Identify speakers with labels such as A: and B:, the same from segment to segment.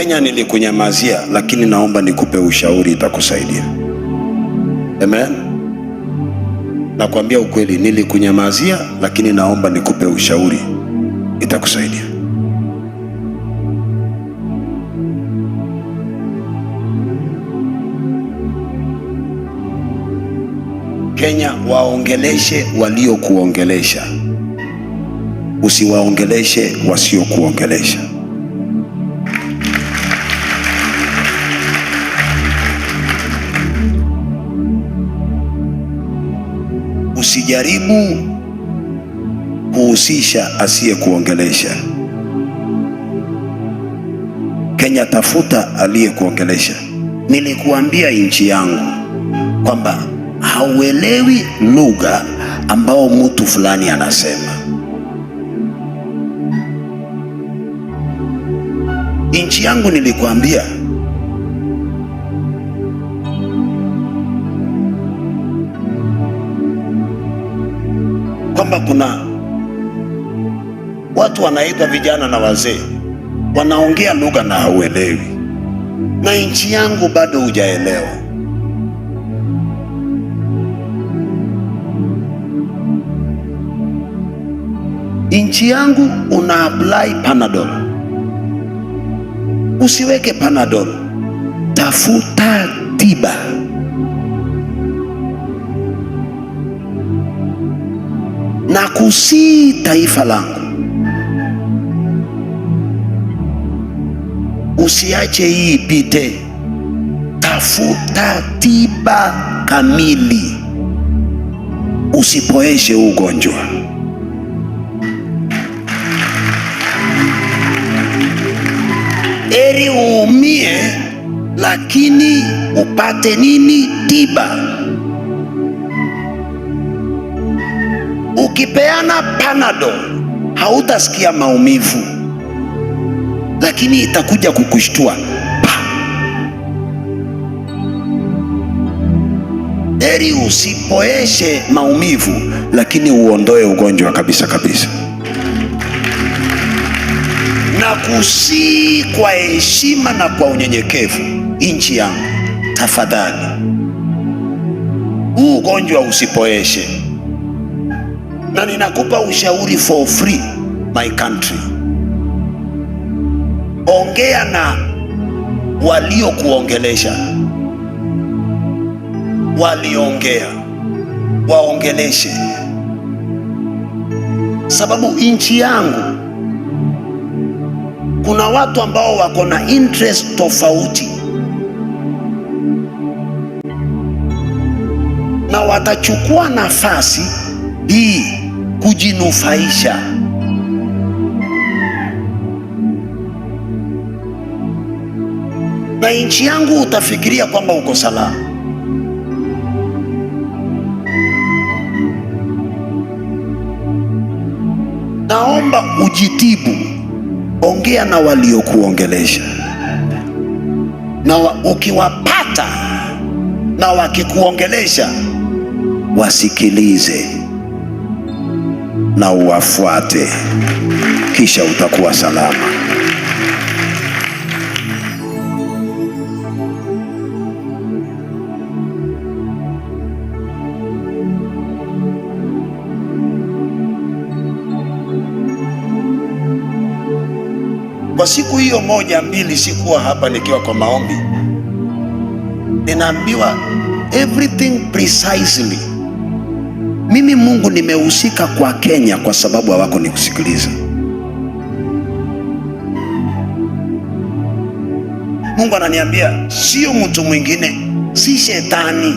A: Kenya nilikunyamazia, lakini naomba nikupe ushauri, itakusaidia. Amen, nakwambia ukweli, nilikunyamazia, lakini naomba nikupe ushauri, itakusaidia. Kenya, waongeleshe waliokuongelesha, usiwaongeleshe wasiokuongelesha. usijaribu kuhusisha asiyekuongelesha. Kenya, tafuta aliyekuongelesha. Nilikuambia nchi yangu kwamba hauelewi lugha ambao mtu fulani anasema. Nchi yangu nilikuambia kwamba kuna watu wanaitwa vijana na wazee wanaongea lugha na hauelewi, na nchi yangu bado hujaelewa. Nchi yangu una apply Panadol, usiweke Panadol, tafuta tiba. na kusii taifa langu. Usiache hii ipite, tafuta tiba kamili, usipoeshe ugonjwa. Eri uumie, lakini upate nini? Tiba. Ukipeana panado hautasikia maumivu, lakini itakuja kukushtua Heri usipoeshe maumivu, lakini uondoe ugonjwa kabisa kabisa. Na kusii kwa heshima na kwa unyenyekevu, nchi yangu, tafadhali huu ugonjwa usipoeshe na ninakupa ushauri for free my country, ongea na waliokuongelesha, waliongea, waongeleshe, sababu nchi yangu kuna watu ambao wako na interest tofauti na watachukua nafasi hii kujinufaisha. Na nchi yangu utafikiria kwamba uko salama. Naomba ujitibu, ongea na waliokuongelesha, na ukiwapata na wakikuongelesha wasikilize na uwafuate, kisha utakuwa salama. Kwa siku hiyo moja mbili, sikuwa hapa nikiwa kwa maombi, ninaambiwa everything precisely mimi Mungu nimehusika kwa Kenya kwa sababu hawako nikusikiliza. Mungu ananiambia sio mtu mwingine, si shetani.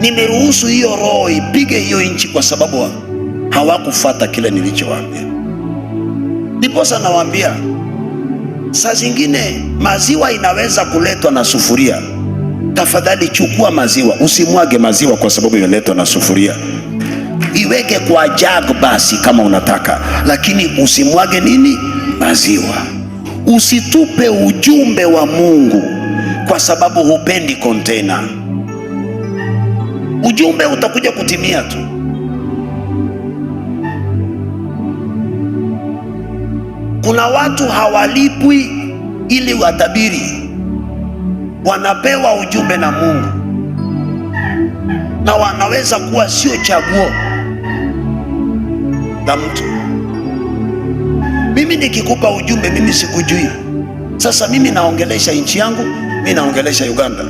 A: Nimeruhusu hiyo roho ipige hiyo nchi kwa sababu hawakufata kile nilichowaambia. Ndiposa nawaambia saa zingine maziwa inaweza kuletwa na sufuria Tafadhali chukua maziwa, usimwage maziwa kwa sababu imeletwa na sufuria. Iweke kwa jag basi kama unataka, lakini usimwage nini, maziwa. Usitupe ujumbe wa Mungu kwa sababu hupendi kontena. Ujumbe utakuja kutimia tu. Kuna watu hawalipwi ili watabiri wanapewa ujumbe na Mungu na wanaweza kuwa sio chaguo la mtu. Mimi nikikupa ujumbe, mimi sikujui. Sasa mimi naongelesha nchi yangu, mimi naongelesha Uganda.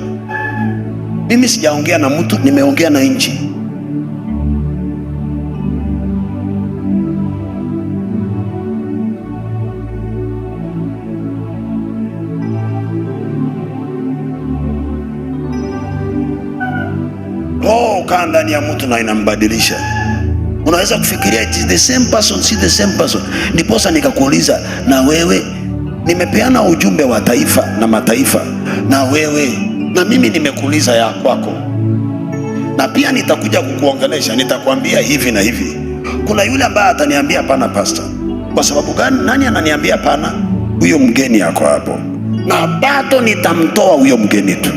A: Mimi sijaongea na mtu, nimeongea na nchi. inapokaa ndani ya mtu na inambadilisha. Unaweza kufikiria it is the same person, si the same person. Ndiposa nikakuuliza na wewe, nimepeana ujumbe wa taifa na mataifa, na wewe na mimi nimekuuliza ya kwako, na pia nitakuja kukuongelesha, nitakwambia hivi na hivi. Kuna yule ambaye ataniambia pana, pastor, kwa sababu gani? Nani ananiambia pana? Huyo mgeni yako hapo, na bado nitamtoa huyo mgeni tu.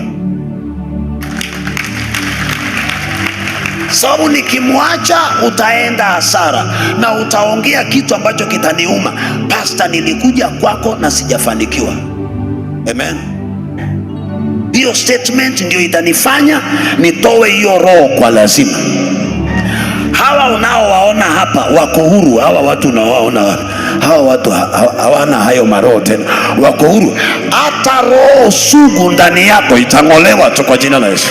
A: sababu nikimwacha utaenda hasara na utaongea kitu ambacho kitaniuma. Pasta, nilikuja kwako na sijafanikiwa. Amen. Hiyo statement ndio itanifanya nitowe hiyo roho kwa lazima. Hawa unaowaona hapa wako huru, hawa watu unaowaona hawa watu hawana hayo maroho tena, wako huru. Hata roho sugu ndani yako itang'olewa tu kwa jina la Yesu.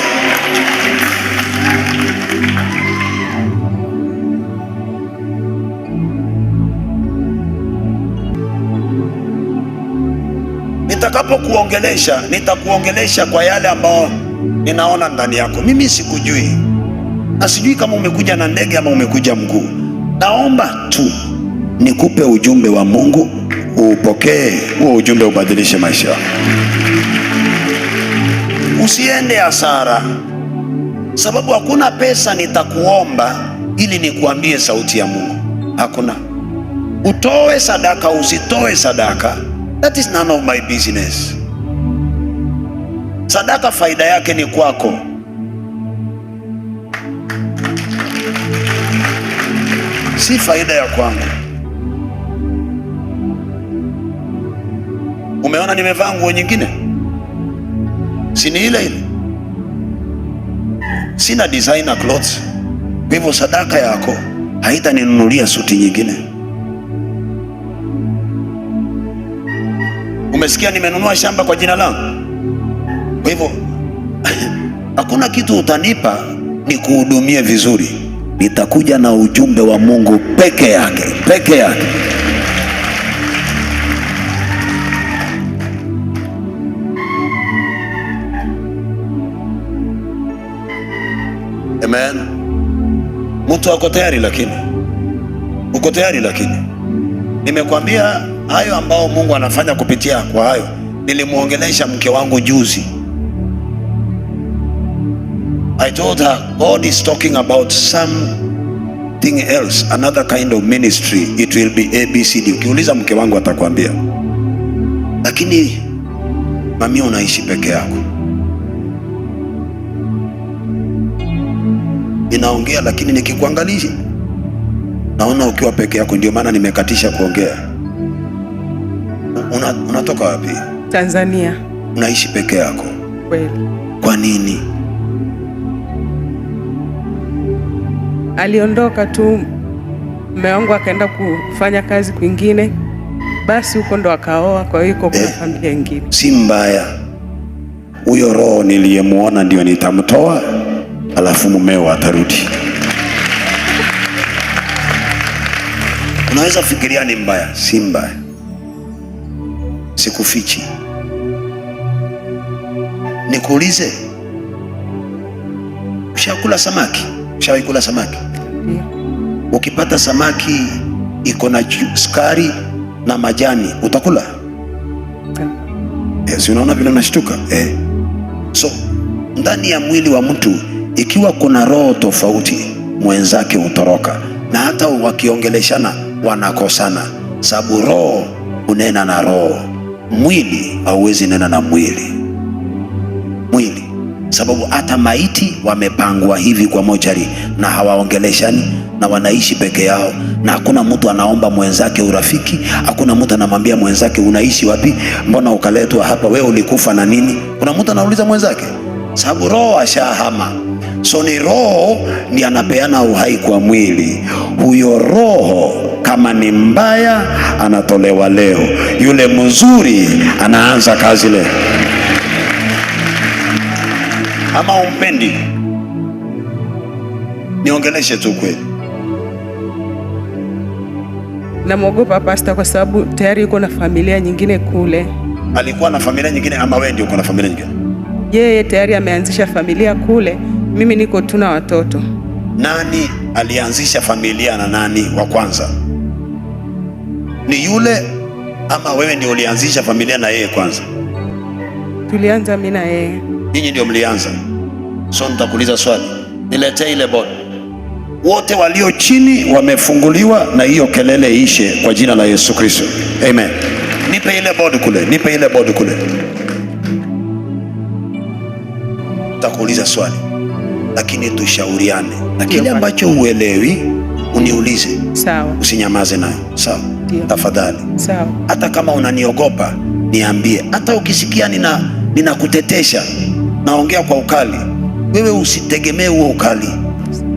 A: nitakapokuongelesha nitakuongelesha kwa yale ambayo ninaona ndani yako. Mimi sikujui na sijui kama umekuja na ndege ama umekuja mguu. Naomba tu nikupe ujumbe wa Mungu, uupokee huo ujumbe, ubadilishe maisha yako, usiende hasara, sababu hakuna pesa nitakuomba ili nikuambie sauti ya Mungu. Hakuna utoe sadaka, usitoe sadaka That is none of my business. Sadaka faida yake ni kwako. Si faida ya kwangu. Umeona nimevaa nguo nyingine? Si ni ile ile. Sina designer clothes. Hivyo sadaka yako haitaninunulia suti nyingine. umesikia nimenunua shamba kwa jina langu. Kwa hivyo hakuna kitu utanipa nikuhudumie vizuri, nitakuja na ujumbe wa Mungu peke yake peke yake. Amen. Mtu ako tayari lakini, uko tayari lakini, nimekwambia hayo ambao Mungu anafanya kupitia kwa hayo. Nilimwongelesha mke wangu juzi, I told her God is talking about something else, another kind of ministry, it will be ABCD. Ukiuliza mke wangu atakwambia, lakini mami, unaishi peke yako, ninaongea lakini nikikuangalia naona ukiwa peke yako, ndio maana nimekatisha kuongea una, unatoka wapi?
B: Tanzania.
A: Unaishi peke yako? Kweli. Kwa nini?
B: Aliondoka tu mume wangu akaenda kufanya kazi kwingine, basi huko ndo akaoa. Kwa hiyo iko eh, familia nyingine.
A: Si mbaya huyo, roho niliyemwona ndio nitamtoa, alafu mumeo atarudi. Unaweza fikiria ni mbaya? Si mbaya sikufichi. Nikuulize, ushakula samaki? Ushawahi kula samaki? Ukipata samaki iko na sukari na majani, utakula? Yes, eh, unaona vile nashtuka eh. So ndani ya mwili wa mtu ikiwa kuna roho tofauti, mwenzake hutoroka, na hata wakiongeleshana wanakosana, sababu roho unena na roho. Mwili hauwezi nena na mwili, mwili sababu hata maiti wamepangwa hivi kwa mochari na hawaongeleshani na wanaishi peke yao, na hakuna mtu anaomba mwenzake urafiki. Hakuna mtu anamwambia mwenzake unaishi wapi, mbona ukaletwa hapa, wewe ulikufa na nini? Kuna mtu anauliza mwenzake, sababu roho ashahama. So ni roho ndiye anapeana uhai kwa mwili. Huyo roho kama ni mbaya anatolewa leo, yule mzuri anaanza kazi leo. Ama umpendi, niongeleshe tu kweli.
B: Namwogopa pasta kwa sababu tayari yuko na familia nyingine kule.
A: Alikuwa na familia nyingine, ama wewe ndio uko na familia nyingine?
B: Yeye tayari ameanzisha familia kule, mimi niko tu na watoto.
A: Nani alianzisha familia na nani wa kwanza? ni yule ama wewe ndio ulianzisha familia na yeye? Kwanza
B: tulianza mimi na yeye.
A: Ninyi ndio mlianza? So nitakuuliza swali, niletee ile bodi. Wote walio chini wamefunguliwa, na hiyo kelele ishe kwa jina la Yesu Kristo, amen. Nipe ile bodi kule, nipe ile bodi kule. Nitakuuliza swali lakini tushauriane, na kile ambacho uelewi uniulize, sawa? Usinyamaze nayo, sawa? tafadhali. Sawa. Hata kama unaniogopa niambie, hata ukisikia nina ninakutetesha naongea kwa ukali, wewe usitegemee huo ukali,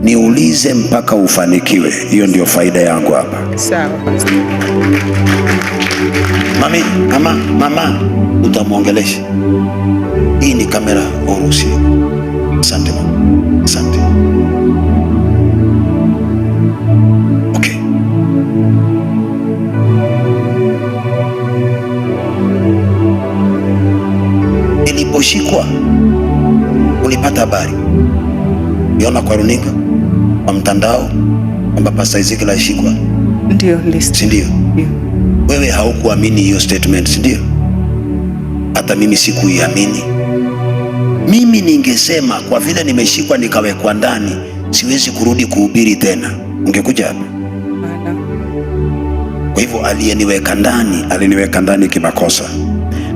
A: niulize mpaka ufanikiwe. Hiyo ndio faida yangu hapa. Sawa. Mami, mama, mama utamwongelesha. Hii ni kamera Urusi. Asante mama, asante. uliposhikwa ulipata habari, uliona kwa runinga, kwa mtandao kwamba Pasta Ezekiel alishikwa,
B: ndio si
A: ndio? Wewe haukuamini hiyo statement, si ndio? Hata mimi sikuiamini. Mimi ningesema kwa vile nimeshikwa nikawekwa ndani, siwezi kurudi kuhubiri tena, ungekuja hapa. Kwa hivyo aliyeniweka ndani aliniweka ndani kimakosa,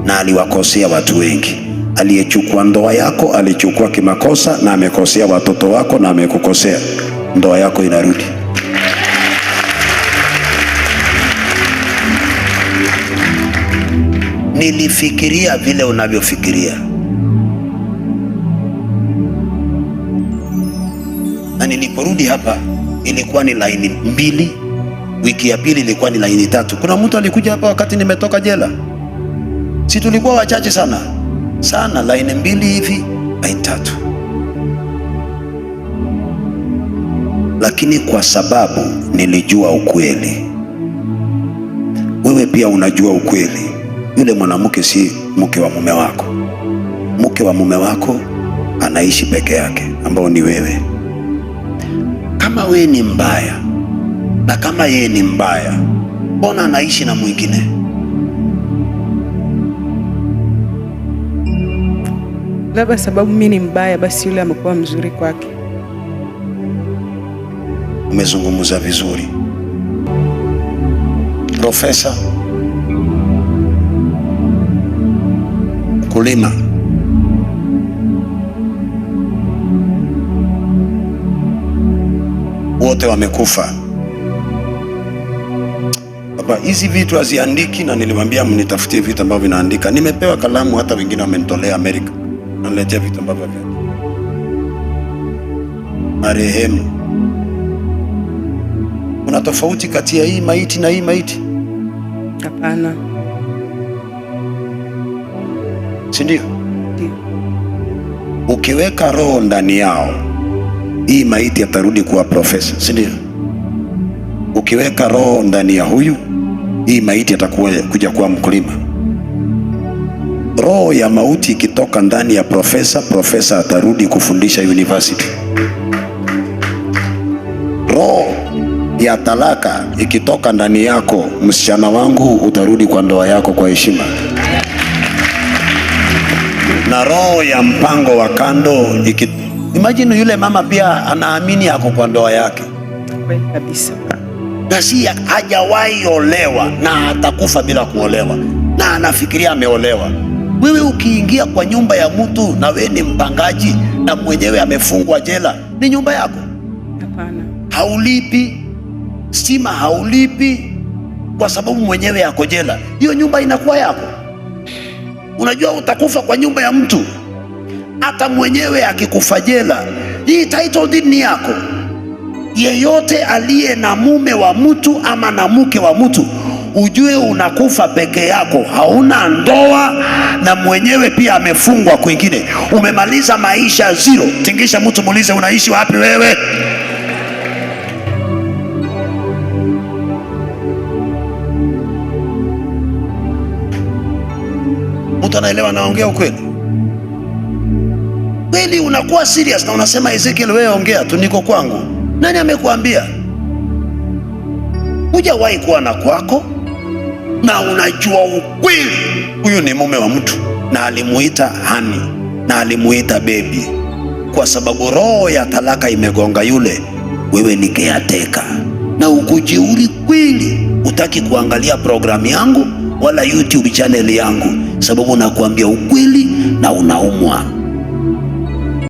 A: na aliwakosea watu wengi. Aliyechukua ndoa yako alichukua kimakosa, na amekosea watoto wako, na amekukosea. Ndoa yako inarudi. Nilifikiria vile unavyofikiria na niliporudi hapa ilikuwa ni laini mbili, wiki ya pili ilikuwa ni laini tatu. Kuna mtu alikuja hapa wakati nimetoka jela, si tulikuwa wachache sana sana, laini mbili hivi, laini tatu, lakini kwa sababu nilijua ukweli. Wewe pia unajua ukweli, yule mwanamke si mke wa mume wako. Mke wa mume wako anaishi peke yake, ambao ni wewe. Kama wewe ni mbaya na kama yeye ni mbaya, mbona anaishi na mwingine?
B: labda sababu mimi ni mbaya, basi yule amekuwa mzuri kwake.
A: Umezungumza vizuri Profesa. Kulima wote wamekufa baba. Hizi vitu haziandiki, na nilimwambia mnitafutie vitu ambavyo vinaandika. Nimepewa kalamu, hata wengine wamenitolea Amerika analetea vitu ambavyo marehemu. Kuna tofauti kati ya hii maiti na hii maiti? Hapana, si ndio? Ukiweka roho ndani yao, hii maiti atarudi kuwa profesa, si ndio? Ukiweka roho ndani ya huyu, hii maiti atakuwa kuja kuwa mkulima roho ya mauti ikitoka ndani ya profesa, profesa atarudi kufundisha university. Roho ya talaka ikitoka ndani yako, msichana wangu, utarudi kwa ndoa yako kwa heshima. Na roho ya mpango wa kando iki... Imagine yule mama pia anaamini ako kwa ndoa yake kabisa, na si hajawahi olewa, na atakufa bila kuolewa, na anafikiria ameolewa. Wewe ukiingia kwa nyumba ya mtu na wewe ni mpangaji na mwenyewe amefungwa jela, ni nyumba yako? Hapana, haulipi stima, haulipi kwa sababu mwenyewe ako jela. Hiyo nyumba inakuwa yako? Unajua utakufa kwa nyumba ya mtu, hata mwenyewe akikufa jela. Hii title deed ni yako. Yeyote aliye na mume wa mtu ama na mke wa mtu ujue unakufa peke yako, hauna ndoa na mwenyewe pia amefungwa kwingine, umemaliza maisha zero. Tingisha mtu muulize, unaishi wapi wewe? Mtu anaelewa naongea ukweli kweli? Unakuwa serious na unasema Ezekiel, wewe ongea tu, niko kwangu. Nani amekuambia? Hujawahi kuwa na kwako na unajua ukweli, huyu ni mume wa mtu, na alimuita hani na alimuita bebi, kwa sababu roho ya talaka imegonga yule. Wewe ni keateka na ukujiuli kweli, utaki kuangalia programu yangu wala YouTube chaneli yangu, sababu nakuambia ukweli na unaumwa.